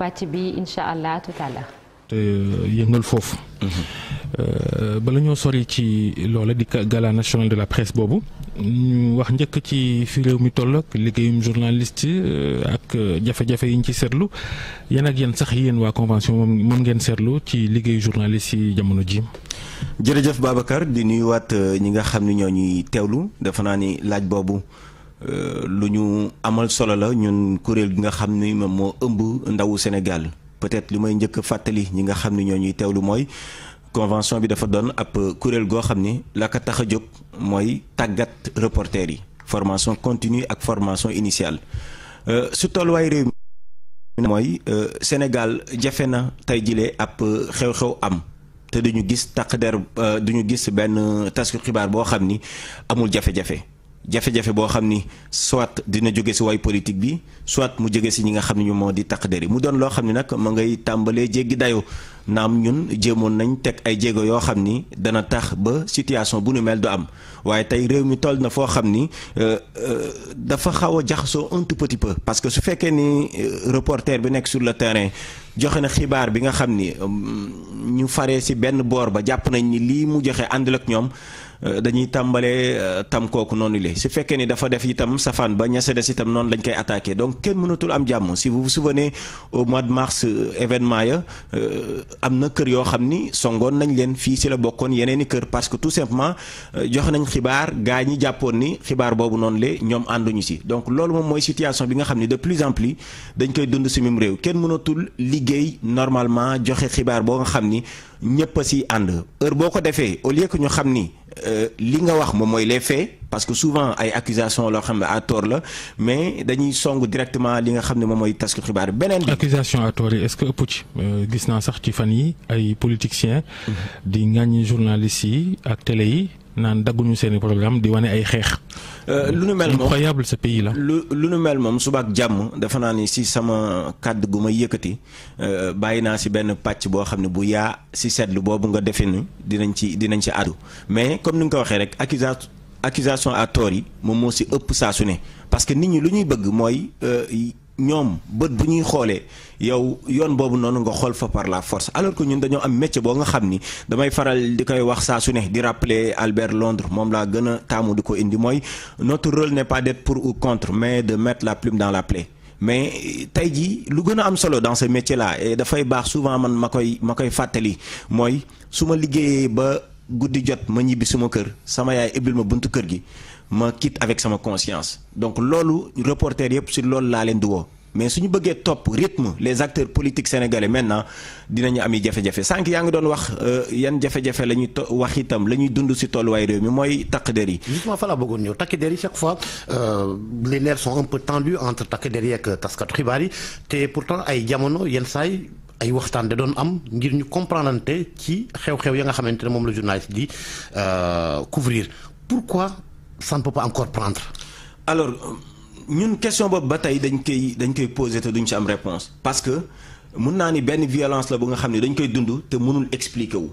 pàcc bi incha allah tout à l'heure te euh, yëngal foofu. Euh, bala ñoo sori ci loola di gala national de la presse boobu ñu wax njëkk ci fi réew mi toll ak liggéeyum journaliste euh, ak jafe-jafe yi ñu ci seetlu yan ak yan sax yéen waa convention moom ngeen seetlu ci liggéeyu journaliste yi jamono jii jërëjëf Babacar di nuyuwaat ñi nga xam ne ñoo ñuy teewlu defe naa ni laaj boobu. Euh, lu ñu amal solo la ñun kuréel gi nga xam ni moom moo ëmb ndawu Sénégal peut-être li may njëkk fàttali ñi nga xam ni ñoo ñuy teewlu mooy convention bi dafa doon ab kuréel goo xam ni la ko tax a jóg mooy tàggat reporter yi formation continue ak formation initiale euh, su tolluwaay réew mi mooy euh, Sénégal jafe na tey jilee ab xew-xew am te duñu gis taq der du ñu gis benn tasku xibaar boo xam ni amul jafe-jafe jafe-jafe boo xam ni soit dina jóge si waay politique bi soit mu jóge si ñi nga xam ne ñu moo di taq der mu doon loo xam ne nag ma ngay tàmbalee jéggi dayoo naam ñun jéemoon nañ teg ay jéego yoo xam ni dana tax ba situation bu nu mel du am waaye tey réew mi toll na foo xam ni euh, euh, dafa xaw a jaxasoo un tout peu parce que su fekkee ni euh, reporter bi nekk sur le terrain joxe na xibaar bi nga xam ni ñu faree si benn boor ba jàpp nañ ni lii mu joxe àndil ak ñoom dañuy tàmbalee tam kooku noonu le su fekkee ni dafa def itam safaan ba ña ñese des itam noonu lañ koy attaqué donc kenn mënatul am jàmm si vous vous souvenez au mois de mars événement ya am na kër yoo xam ni songoon nañ leen fii si la bokkoon yeneen i kër parce que tout simplement euh, jox nañ xibaar gaa ñi jàppoon ni xibaar boobu noonu le ñoom ànduñu si donc loolu moom mooy situation bi nga xam ni de plus en plus dañ koy dund si mim réew kenn mënatul liggéey normalement joxe xibaar boo nga xam ni ñëpp a si ànd heure boo ko defee au lieu que ñu xam ni. Euh, li nga wax moom mooy les faits parce que souvent ay accusations loo xam ne à tort la mais dañuy song directement li nga xam ne moom mooy tasku xibaar beneen bi. accusation à tort yi est-ce que ëpp ci euh, gis naa sax ci fan yi ay politiciens. Mm-hmm. di ŋàññi journalistes yi ak télé yi. naan dagguñu seeni programme di wane ay xeex. Euh, lu nu mel moom incroyable ce pays là. lu lu nu mel moom subaak jàmm dafa naa ni si sama kàdd gu ma yëkkati euh, bàyyi naa si benn pàcc boo xam ne bu yaa si seetlu boobu nga defee ni dinañ ci dinañ ci àddu mais comme ni nga ko waxee rek accusation accusation à tort yi moom moo si ëpp saa su ne parce que nit ñi lu ñuy bëgg mooy. Euh, ñoom bët bu ñuy xoolee yow yoon boobu noonu nga xool fa par la force alors que ñun dañoo am métier boo nga xam ni damay faral di koy wax saa su ne di rappeler Albert Londres moom laa gën a taamu du ko indi mooy notre rôle n'est pas d'être pour ou contre mais de mettre la plume dans la plaie mais tey jii lu gën a am solo dans ce métier dafay baax souvent man ma koy ma koy fàttali mooy su ma liggéeyee ba guddi jot ma ñibbi suma kër sama yaay ibbil ma buntu kër gi ma quitte avec sama conscience donc loolu reporter yëpp si loolu laa leen di woo mais suñu bëggee topp rythme les acteurs politiques sénégalais maintenant dinañu am yi jafe-jafe sànq yaa ngi doon wax euh, yan jafe-jafe la ñuy wax itam la ñuy dund si tolluwaay réew mi mooy takk der yi. justement fa laa bëggoon ñëw takk der yi chaque fois euh, les nerfs sont un peu tendus entre takk der yi ak taskatu xibaar yi te pourtant ay jamono yenn saay ay waxtaan da doon am ngir ñu comprendre ci xew-xew ya nga xamante ne moom la journaliste di euh, couvrir pourquoi. ça ne encore prendre. alors ñun question boobu ba tey dañ koy dañ koy poser te duñ si am réponse parce que mun naa ni benn violence la bu nga xam ne dañ koy dund te mënul expliquer wu.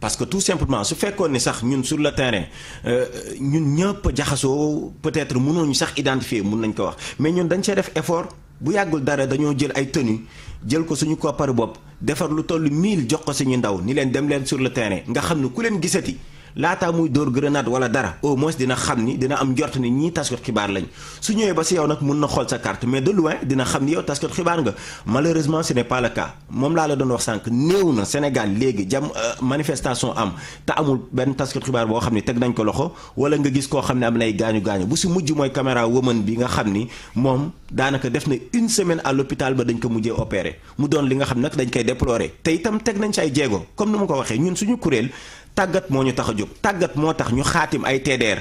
parce que tout simplement su fekkoon ni sax ñun sur le terrain euh, ñun ñëpp jaxasoo peut-être mënoo ñu sax identifier mun nañ ko wax mais ñun dañ see def effort bu yàggul dara dañoo jël ay tenues jël ko suñu koppar bopp defar lu toll 1000 jox ko suñu ndaw ni leen dem leen sur le terrain nga xam ne ku leen gisati. laataa muy dóor grenade wala dara au moins dina xam ni dina am njort ni ñii taskat xibaar lañ su ñëwee ba si yow nag mun na xool sa carte mais de loin dina xam ni yow taskat xibaar nga malheureusement ce n'est pas moom laa la doon wax sànq néew na Sénégal léegi jam euh, manifestation am te amul benn taskat xibaar boo xam ni teg nañ ko loxo wala nga gis koo xam ne am nay gaañu gaañu bu si mujj mooy caméra woman bi nga xam ni moom daanaka def na une semaine à ba dañ ko mujjee opéré mu doon li nga xam nag dañ koy déplorer te itam teg nañ ci ay jéego comme ni ma ko waxee ñun suñu kuréel tàggat moo ñu tax a jóg tàggat moo tax ñu xaatim ay TDR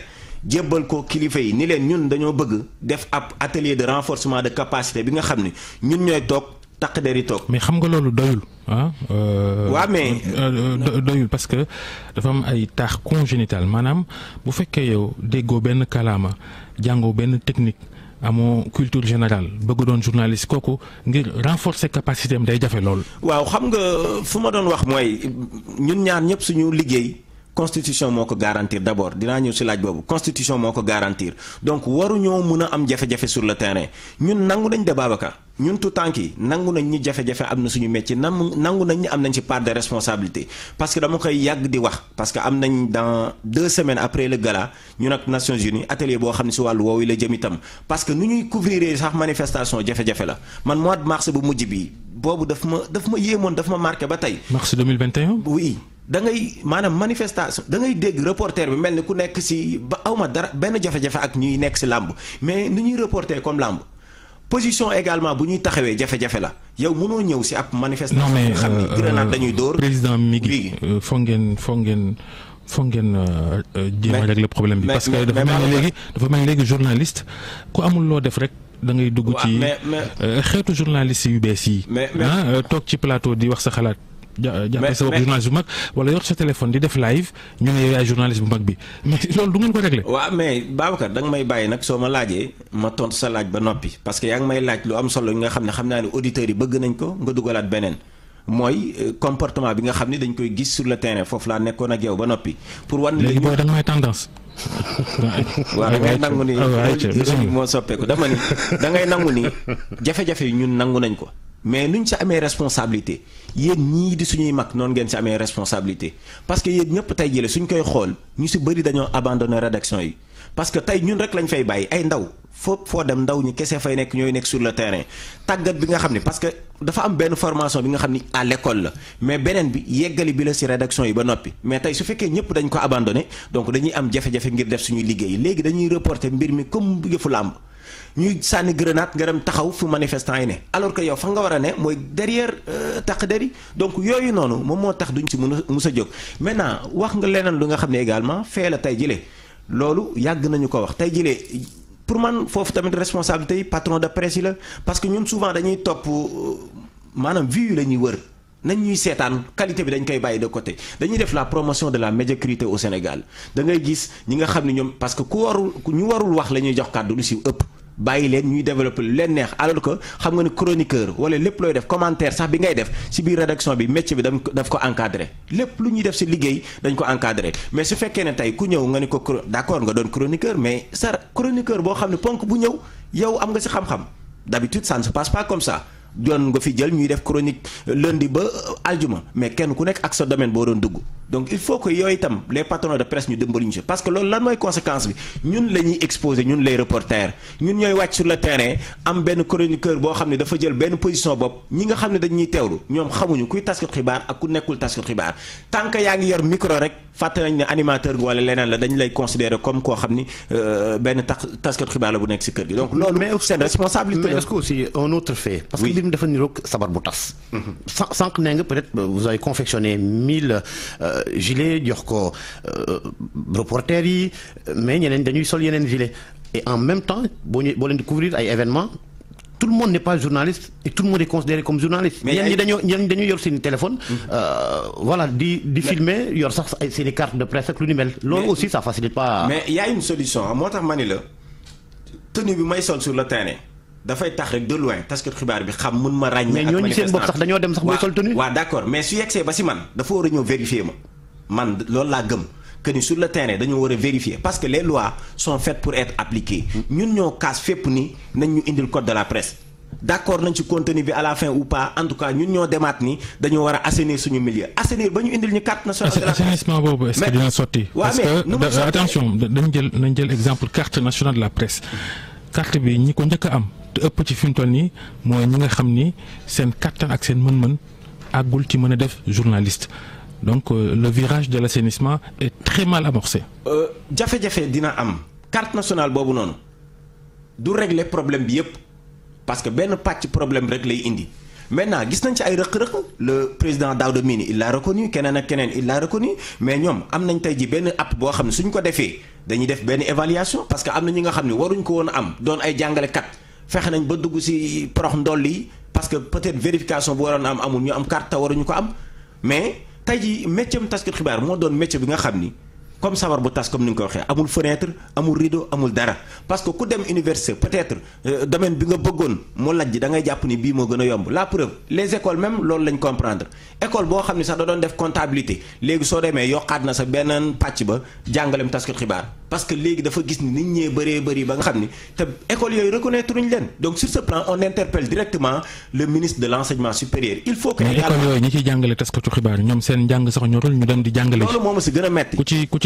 jébbal ko kilifa yi ni leen ñun dañoo bëgg def ab atelier de renforcement de capacité bi nga xam ni ñun ñooy toog taq der yi toog. mais xam nga loolu doyul waa ah, euh, waaw mais euh, doyul parce que dafa am ay taax congénital maanaam bu fekkee yow déggoo benn kalaama jàngoo benn technique. amoo culture générale bëgg doon journaliste kooku ngir renforcer capacité day jafe lool. waaw xam nga fu ma doon wax mooy ñun ñaar ñëpp suñu liggéey. constitution moo ko garantir d' abord dinaa ñëw si laaj boobu constitution moo ko garantir donc waruñoo mun a am jafe-jafe sur le terrain ñun nangu nañ de Babacar ñun tout tànk yi nangu nañ ñi jafe am na suñu métier nangu nangu nañ ñi am nañ ci part de responsabilité parce que dama koy yàgg di wax parce que am nañ dans deux semaines après le gala ñun ak Nations uni atelier boo xam ne si wàllu woowu la jëm itam parce que nu ñuy couvrir sax manifestation jafe-jafe la man mois de mars bu mujj bii boobu dafa ma daf ma yéemoon dafa ma marqué ba tey. mars 2021. oui da ngay maanaam manifestation dangay ngay dégg reporter bi mel ni ku nekk si ba awma dara benn jafe-jafe ak ñuy nekk si làmb mais ni ñuy reporter comme làmb. position également bu ñuy taxawee jafe-jafe la yow mënoo ñëw si ab manifestation. non mais xam ni euh, grenade dañuy dóor. président mi ngi euh, foog ngeen foog ngeen foog ngeen euh, jéem a régler problème bi. parce que dafa mel ni léegi dafa mel ni léegi journaliste ku amul loo def rek. da ngay dugg ci euh, xeetu journaliste yu bees yi. ah euh, toog ci plateau di wax sa xalaat. ja euh, jàppee sa bopp journaliste bu mag wala yor sa téléphone di def live ñu ne yow yaay journaliste bu mag bi mais loolu du ngeen ko réglé. waa mais Babacar da may bàyyi nag soo ma laajee ma tontu sa laaj ba noppi parce que yaa ngi may laaj lu am solo yi nga xam ne xam naa ne auditeurs yi bëgg nañ ko nga dugalaat beneen. mooy euh, comportement bi nga xam ne dañ koy gis sur le terrain foofu laa nekkoon ak yow ba noppi. pour wan léegi booy da nga may tendance. waaw da nangu ni moo soppeeku dama ni da ngay nangu ni jafe-jafe yi ñun nangu nañ ko. mais lu ñu si amee responsabilité yéen ñii di suñuy mag noonu ngeen si amee responsabilité parce que yéen ñëpp tey jële suñ koy xool ñu si bëri dañoo abandonné rédaction yi. parce que tey ñun rek lañ fay bàyyi ay ndaw foo foo dem ndaw ñu kese fay nekk ñooy nekk sur le terrain tàggat bi nga xam ne parce que dafa am benn formation bi nga xam ni à l'école la mais beneen bi yeggali bi la ci rédaction yi ba noppi mais tey su fekkee ñëpp dañ ko abandonné donc dañuy am jafe-jafe ngir def suñuy liggéey léegi dañuy reporter mbir mi comme yëfu làmb ñuy sànni grenade nga dem taxaw fu manifestant yi ne alors que yow fa nga war a ne mooy derrière euh, taq deri donc yooyu noonu moom moo tax duñ ci mën a mus a jóg maintenant wax nga leneen lu nga xam ne également fee la tey jëlee loolu yàgg nañu ko wax tey jilee pour man foofu tamit responsabilité yi patron de presse yi la parce que ñun souvent dañuy topp euh, maanaam vue yi la ñuy wër nañ ñuy seetaan qualité bi dañ koy bàyyi de côté dañuy def la promotion de la médiocrité au Sénégal dangay gis ñi nga xam ne ñoom parce que ku warul ñu warul wax la ñuy jox kàddu lu si ëpp. bàyyi leen ñuy développer lu leen neex alors que xam nga ne chroniqueur wala lépp looy def commentaire sax bi ngay def ci biir rédaction bi métier bi daf ko ko encadré lépp lu ñuy def si liggéey dañ ko encadré mais su fekkee ne tey ku ñëw nga ne ko d'accord nga doon chroniqueur mais sar chroniqueur boo xam ne ponk bu ñëw yow am nga si xam-xam d'habitude ça ne se passe pas comme ça doon nga fi jël ñuy def chronique lundi ba aljuma mais kenn ku nekk ak sa domaine boo doon dugg donc il faut que yooyu itam les patrons de presse ñu dimbali ñu si parce que loolu lan mooy conséquence bi ñun la ñuy exposé ñun les reporters ñun ñooy wàcc sur le terrain am benn chroniqueur boo xam ne dafa jël benn position bopp ñi nga xam ne dañuy teewlu ñoom xamuñu kuy tasku xibaar ak ku nekkul tasku xibaar tant que yaa ngi yor micro rek fàtte nañ ne animateur bi wala leneen la dañu lay considérer comme koo xam ni euh, benn tas tasku xibaar la bu nekk si mbir mi dafa niroog sabar bu tas. sànq nee nga euh, vous avez confectionné mille euh, gilets jox ko euh, reporters yi mais ñeneen dañuy sol yeneen gilets et en même temps boo boo leen di couvrir ay événements. tout le monde n'est pas journaliste et tout le monde est considéré comme journaliste. mais ñenn ñi dañoo ñenn yor seen téléphone. Mm-hmm. voilà di di filmer yor sax ay seen carte de presse ak lu ni mel. loolu aussi ça facilite pas. mais y une solution moo tax ma la tenue bi may sol sur le terrain. dafay tax rek de loin taskat xibaar bi xam mun ma ràññee. ak manifestant mais ñooñu seen bopp sax dañoo dem sax muy sol tenue. mais a ñëw laa gëm que ni le terrain dañoo war a vérifier parce que les lois sont faites nañ ñu indil code de la presse. d' accord nañ ci contenu bi à la ou cas ñun ñoo demaat ni dañoo war a suñu milieu assainir ba ñu indil ñu carte nationale de la presse assainissement boobu est ce que dina sotti. parce que attention dañ jël exemple carte nationale de la presse. carte bi ñi ko njëkk am. te ëpp ci fi mu toll nii mooy ñi nga xam ni seen kattan ak seen mën-mën àggul ci mën a def journaliste donc euh, le virage de l'assainissement est très mal amorcé. Euh, jafe-jafe dina am carte nationale boobu noonu du régler problème bi yépp parce que benn pàcc problème rek lay indi maintenant gis nañ ci ay rëq-rëq le président Daouda Mine il l'a reconnu keneen ak keneen il l'a reconnu mais ñoom am nañ tey ji benn app boo xam ne suñ ko defee dañuy def benn évaluation parce que am na ñi nga xam ne waruñ ko woon am doon ay jàngalekat. fexe nañ ba dugg ci porox ndoll yi parce que peut-être vérification bu waroon am amul ñu am carte ta waruñu ko am mais tey ji métier am taskat xibaar moo doon métier bi nga xam ni comme sabar bu tas comme ni nga ko waxee amul fenêtre amul rideau amul dara parce que ku dem université peut-être euh, domaine bi nga bëggoon mu lajj da ngay jàpp ni bii moo gën a yomb la preuve les écoles même loolu lañ comprendre école boo xam ne sax da doon def comptabilité léegi soo demee yokkaat na sa beneen pàcc ba jàngalem taskat xibaar parce que léegi dafa gis ni nit ñee bëree bëri ba nga xam ni te école yooyu reconnaître uñ leen donc sur plan on interpelle directement le ministre de l' enseignement supérieur. il faut que mais école yooyu ñi ciy ñu dem di jàngale. loolu a metti ku ci ku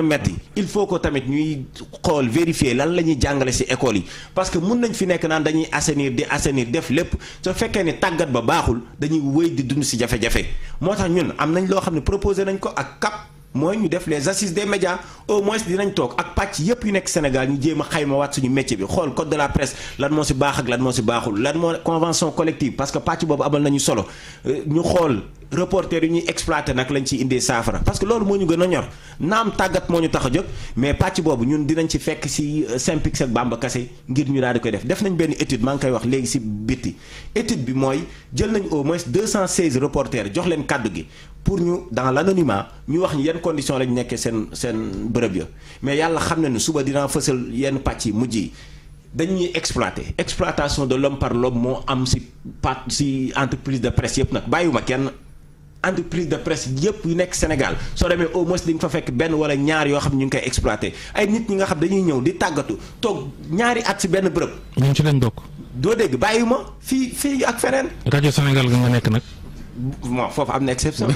a metti il faut que lan la ñuy jàngale si école yi parce que mun nañ fi nekk naan dañuy assainir di assainir def lépp soo fekkee ni tàggat ba baaxul dañuy wéy di dund si jafe-jafe moo tax ñun am nañ loo xam ne proposé nañ ko ak cap mooy ñu def les assises des média au moins dinañ toog ak pàcc yëpp yu nekk Sénégal ñu jéema xayma xaymawaat suñu métier bi xool code de la presse lan moo ci baax ak lan moo ci baaxul lan moo convention collective parce que pàcc boobu amal nañu solo euh, ñu xool reporter yi ñuy exploité nag lañ ciy indee saafara parce que loolu moo ñu gën a ñor naam tàggat moo ñu tax a jóg mais pàcc boobu ñun dinañ ci fekk ci euh, Synpics ak Bamba kase ngir ñu daal di koy def def nañ benn étude maa ngi koy wax léegi ci bitti étude bi mooy jël nañ au moins 216 reporters jox leen kàddu gi pour ñu dans l' anonymat ñu wax ñu yenn condition lañu nekkee seen seen bërëb ya mais yàlla xam ne ne suba dinaa fësal yenn pàcc yi mujj yi dañuy exploiter exploitation de l'homme par l'homme moo am si pat si entreprise de presse yëpp nag ma kenn entreprise de presse yëpp yu nekk Sénégal soo demee au moins di nga fa fekk benn wala ñaar yoo xam ñu ngi koy exploité ay nit ñi nga xam dañuy ñëw di tàggatu toog ñaari at si benn bërëb. ñun ci lañ bokk. doo dégg bàyyiwuma fii fii ak feneen. rajo Sénégal nga nekk nag. bon foofu am na exception.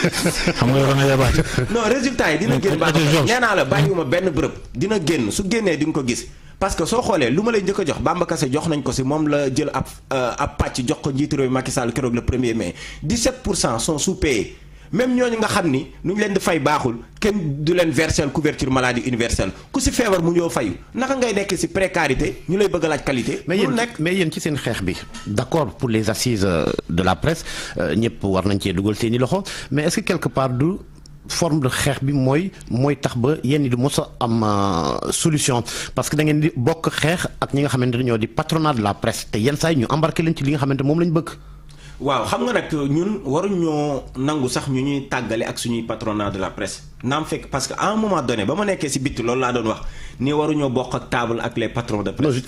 xam nga dafa yabaate. non résultat yi dina génn baax nee naa la bàyyiwuma benn bërëb dina génn su génnee di nga ko gis. parce que soo xoolee lu ma lay njëkk a jox Bamba Kassé jox nañ ko si moom la jël ab euh, ab pàcc jox ko njiitu réew Macky Sall keroog le premier mai 17 pour cent sont sous-payés. même ñooñu nga xam ni nu ñu leen di fay baaxul kenn du leen verser couverture maladie universelle ku si feebar mu ñëw fayu naka ngay nekk si précarité ñu lay bëgg laaj qualité. mais yéen mais yéen ci seen xeex bi d'accord pour les assises euh, de la presse euh, ñëpp war nañ cee dugal seen i loxo mais est-ce que quelque part du. forme de xeex bi mooy mooy tax ba yenn yi du mos am euh, solution parce que da di bokk xeex ak ñi nga xamante ne ñoo di patronat de la presse te yenn saa yi nga xamante moom lañ bëgg. waaw xam nga nag ñun waruñoo nangu sax ñu ñuy tàggale ak suñuy patrona de la presse naam fekk parce que à un moment donné ba ma nekkee si bitt loolu laa doon wax ni waruñoo bokk ak table ak les patrons de presse.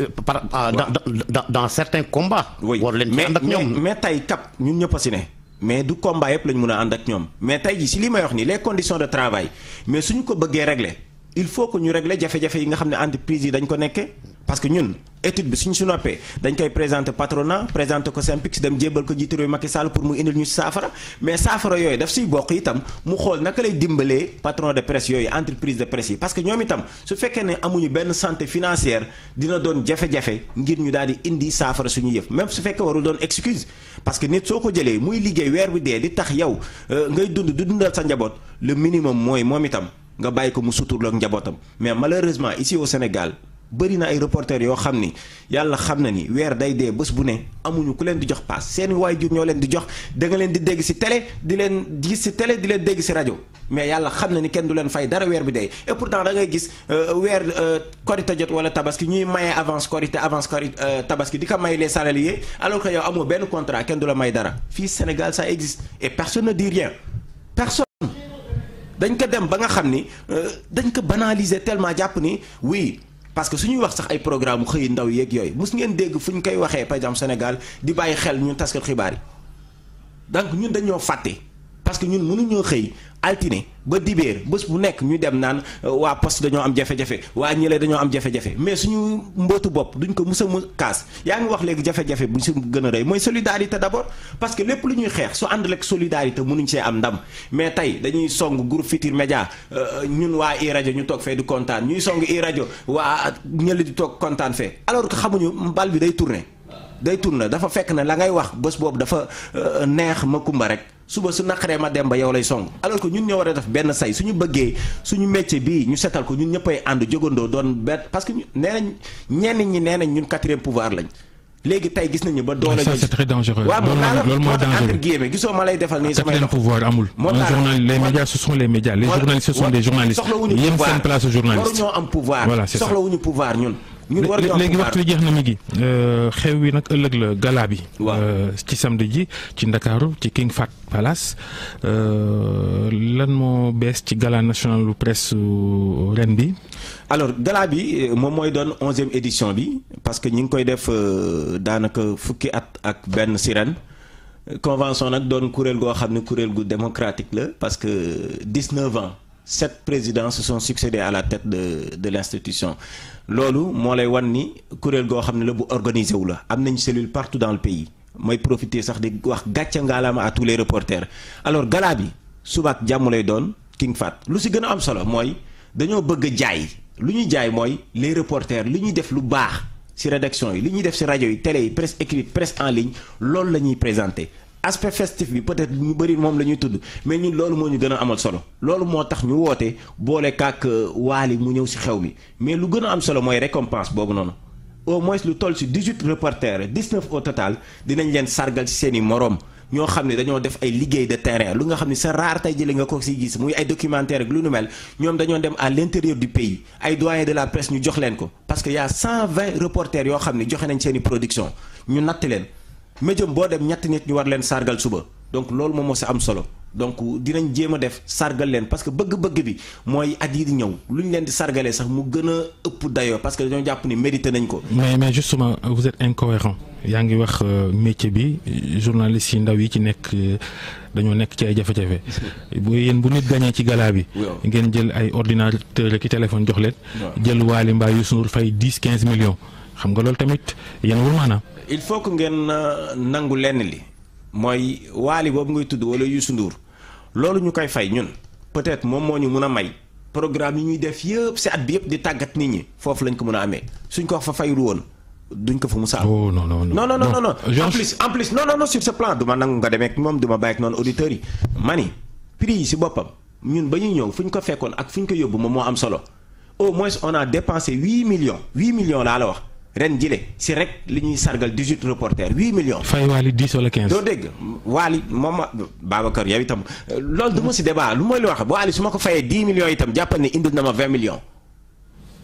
Ah, dans dans certains combats. waru leen ak ñoom mais tey cap ñun ñëpp si ne. mais du combat yëpp lañ mun a ànd ak ñoom mais tey ji si li may wax nii les conditions de travail mais suñu ko bëggee régler. il faut que ñu régler jafe-jafe yi nga xam ne entreprise yi dañ ko nekkee parce que ñun étude bi suñ su noppee dañ koy présenter patronat présenter ko Synpics dem jébbal ko jiitu réew Macky Sall pour mu indil ñu saafara mais saafara yooyu siy bokk itam mu xool naka lay dimbalee patron de presse yooyu entreprise de presse yi parce que ñoom itam su fekkee ne amuñu benn santé financière dina doon jafe-jafe ngir ñu daal di indi saafara suñu yëf même su fekkee warul doon excuse parce que nit soo ko jëlee muy liggéey weer bi dee di tax yow euh, ngay dund di dundal sa njaboot le minimum mooy moom itam nga bàyyi ko mu suturloog njabootam mais malheureusement ici au Sénégal bëri na ay reporters yoo xam ni yàlla xam na ni weer day dee bés bu ne amuñu ku leen di jox paas seen waajur ñoo leen di jox danga leen di dégg ci télé di leen gis ci télé di leen dégg ci rajo mais yàlla xam na ni kenn du leen fay dara weer bi dee et pourtant da ngay gis euh, weer euh, korite jot wala tabaski ñuy maye avance korite avance korite euh, tabaski di ko may les salariés alors que yow amoo benn contrat kenn du may dara fii Sénégal ça existe et personne ne dit dañ ko dem ba nga xam ni euh, dañ ko banaliser tellement jàpp ni oui parce que suñuy wax sax ay programme xëy ndaw yeeg yooyu mus ngeen dégg fu ñu koy waxee par exemple Sénégal di bàyyi xel ñun taskat xibaar yi donc ñun dañoo fàtte. parce que ñun mënuñoo xëy altine ba dibéer bés bu nekk ñu dem naan euh, waa poste dañoo am jafe-jafe waa ñële dañoo am jafe-jafe mais suñu mbootu bopp duñ ko mus a mu kaas yaa ngi wax léegi jafe-jafe bu si gën a rëy mooy solidarité d'abord parce que lépp lu ñuy xeex su ànd rek solidarité mënuñ see am ndam mais tey dañuy song groupe Futurs Médias euh, ñun waa i rajo ñu toog fee di kontaan ñuy song i rajo waa ñële di toog kontaan fee alors que xamuñu mbal bi day tourner day tourné dafa fekk ne la ngay wax bés boobu dafa euh, neex ma kumba rek suba su naqaree ma dem ba yow lay song alors que ñun ñoo war a def benn say suñu bëggee suñu métier bii ñu setal ko ñun ñëppay ànd jógandoo doon benn parce que nee nañ ñenn ñi nee nañ ñun quatrième pouvoir lañ léegi tey gis nañu ba doole ça c'est très loolu mooy dangereux guillemets gisoo ma lay defal nii samay pouvoir moo tax les médias ce sont les médias les journalistes ce sont des journaliste waruñoo am ñu war léegi waxtu wi jeex na mi gi euh, xew wi nag ëllëg la gala bi. Euh, ci samedi ji ci Ndakaaru ci King Fahd Palace euh, lan moo bees ci gala national lu presse ren bi. alors gala bi moom mooy doon onzième édition bi parce que ñu ngi koy def daanaka fukki at ak benn si ren convention nag doon kuréel goo xam ne kuréel gu démocratique la parce que 19 ans sept président se sont succédé à la tête de de l'institution. loolu moo lay wan ni kuréel goo xam ne la bu organisé wu la am nañ cellule partout dans le pays mooy profiter sax di wax gàcce ngaalaama à tous les reporters alors gala yi suba ak jàmm lay doon King lu si gën a am solo mooy dañoo bëgg a jaay lu ñuy jaay mooy les reporters li ñuy def lu baax si rédaction yi li ñuy def si rajo yi télé yi presse écrite presse en ligne loolu la ñuy présenté aspect festif bi peut-être ñu bëri moom la ñuy tudd mais ñun loolu moo ñu gën a amal solo loolu moo tax ñu woote boole kàkk euh, waali mu ñëw si xew mi mais lu gën a am solo mooy récompense boobu noonu au moins lu toll si 18 reporters 19 au total dinañ leen sargal si seeni i moroom ñoo xam ne dañoo def ay liggéey de terrain lu nga xam ne sa raar tey jëlee nga ko si gis muy ay documentaire ak lu nu mel ñoom dañoo dem à l'intérieur du pays ay doyens de l presse ñu jox leen ko parce que y a yoo xam ne joxe nañ seen i ñu natt leen médium boo dem ñetti nit ñu war leen sargal suba donc loolu moom moo si am solo donc dinañ jéem a def sargal leen parce que bëgg-bëgg bi mooy at yii di ñëw lu ñu leen di sargalee sax mu gën a ëpp dayoo parce que dañoo jàpp ni mérité nañ ko. mais mais justement vous êtes incohérent yaa ngi wax euh, métier bi journaliste yi ndaw yi ci nekk euh, dañoo nekk ci ay jafe-jafe. bu yéen bu nit gañee ci gala bi. ngeen jël ay ordinateur ki téléphone jox leen. jël Waly mbaa Youssou fay dix quinze millions xam nga loolu tamit yéen wul maanaam. il faut que ngeen euh, nangu lenn li mooy waali boobu ngay tudd wala Youssou Ndour loolu ñu koy fay ñun peut-être moom moo ñu mun a may programme yi ñuy def yëpp si at bi yëpp di tàggat nit ñi foofu lañ ko mën a amee suñ ko fa fayru woon duñ ko fa mu saal. Oh, non non non non non non non euh, en plus en plus non non non sur ce plan du ma nangu nga demee moom du ma bàyyi ak noonu auditeurs yi mani prix yi si ñun ba ñuy ñëw fu ko fekkoon ak fu ñu yóbbu moom moo am solo au moins on a dépensé huit millions huit millions laa la wax. ren jile si rek li ñuy sargal 18 reporters 8 millions. fay Waly 10 wala 15. doo dégg Waly moom Babacar yow itam lool du ma si débat lu mooy li wax Waly su ma ko fayee 10 millions itam jàppal ne indil na ma 20 millions.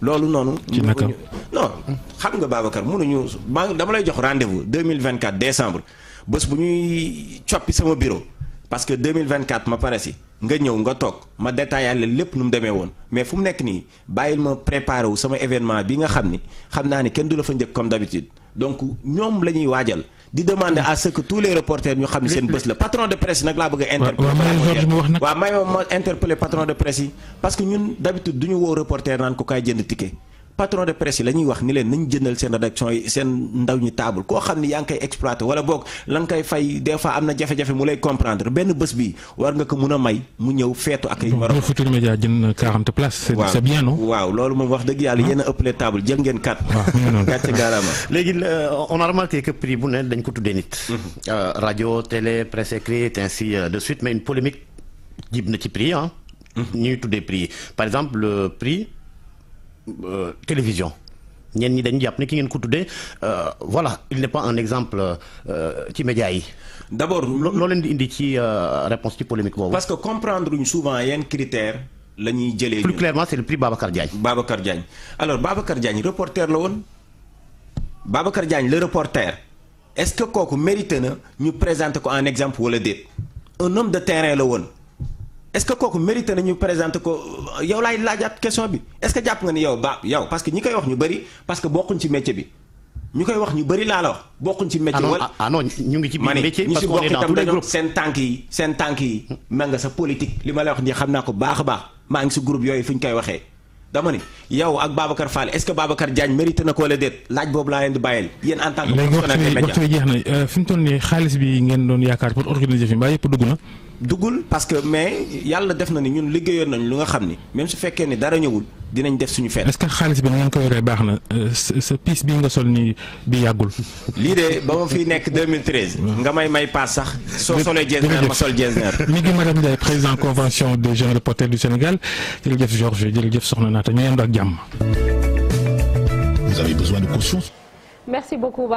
loolu noonu. ci nakam non xam nga Babacar mënuñu maa dama lay jox rendez vous 2024 décembre bés bu ñuy coppi sama bureau. parce que 2024 ma pare si nga ñëw nga toog ma détaillé lépp nu mu demee woon mais fu mu nekk nii bàyyil ma préparé wu sama événement bi nga xam ni xam naa ni kenn du la fa njëkk comme d'habitude donc ñoom la ñuy waajal di demander à ce que tous les reporters ñu xam ne seen bés la patron de presse nag laa bëgg a interpellé waaw may parce que ñun d'habitude du ñu woo reporter naan ko kaay jënd ticket patron de presse yi la ñuy wax ni leen nañ jëndal seen rédaction yi seen ndaw ñi table koo xam ni yaa ngi koy exploité wala boog la nga koy fay des am na jafe-jafe mu lay comprendre benn bés bi war nga ko mun a may mu ñëw feetu ak ay morom Futurs Médias jënd na 40 places c'est bien waaw loolu moom wax dëgg yàlla ah. yéen a ëppale table jël ngeen kat gàcce gaaraama léegi euh, on a remarqué que prix bu ne dañ ko tuddee nit mm-hmm. euh, radio télé presse écrite ainsi euh, de suite mais une polémique jib na ci prix ah ñuy tuddee prix par exemple le Euh, télévision ñenn ñi dañu jàpp ne ki ngeen ko tuddee euh, voilà il n'est pas un exemple euh, ci médias yi. d'abord loo leen di indi ci réponse ci polémique boobu. parce que comprendre luñ souvent yenn critère la ñuy jëlee. plus clairement c'est le prix Babacar Diagne. Babacar Diagne alors Babacar Diagne reporter la woon Babacar Diagne le reporter est-ce que kooku mérité na ñu présenter ko en exemple wala déet un homme de terrain la woon. est-ce que kooku mérité nañu présenter ko euh, yow laay laajaat question bi est-ce que jàpp nga ni yow ba yow parce que ñi koy wax ñu bëri parce que bokkuñ ci métier bi ñu koy wax ñu bëri laa la wax bokkuñ ci métier ah wala ah, ah ngi ci biir métier parce qu'on est nga sa politique li ma lay wax nii xam naa ko baax a baax maa ngi si groupe yooyu fu ñu koy waxee dama ni yow ak Babacar Fall est-ce que Babacar Diagne mérité na ko wala déet laaj boobu laa leen bàyyil yéen en tant que professionnel des médias léegi euh, toll nii xaalis duggul parce que mais yàlla def na ni ñun liggéeyoon nañ lu nga xam ni même su fekkee ni dara ñëwul dinañ def suñu fête. est que xaalis bi na ngeen ko yoree baax na sa sa piis bii nga sol nii bi yàggul. lii de ba ma fiy nekk 2013. nga may may paas sax soo solee Getzner ma sol Getzner. mi ngi madame Ndiaye président convention des jeunes reporters du Sénégal jërëjëf Georges jërëjëf Soxna Naata ñu yëndu ak jàmm. vous avez besoin de caution. merci beaucoup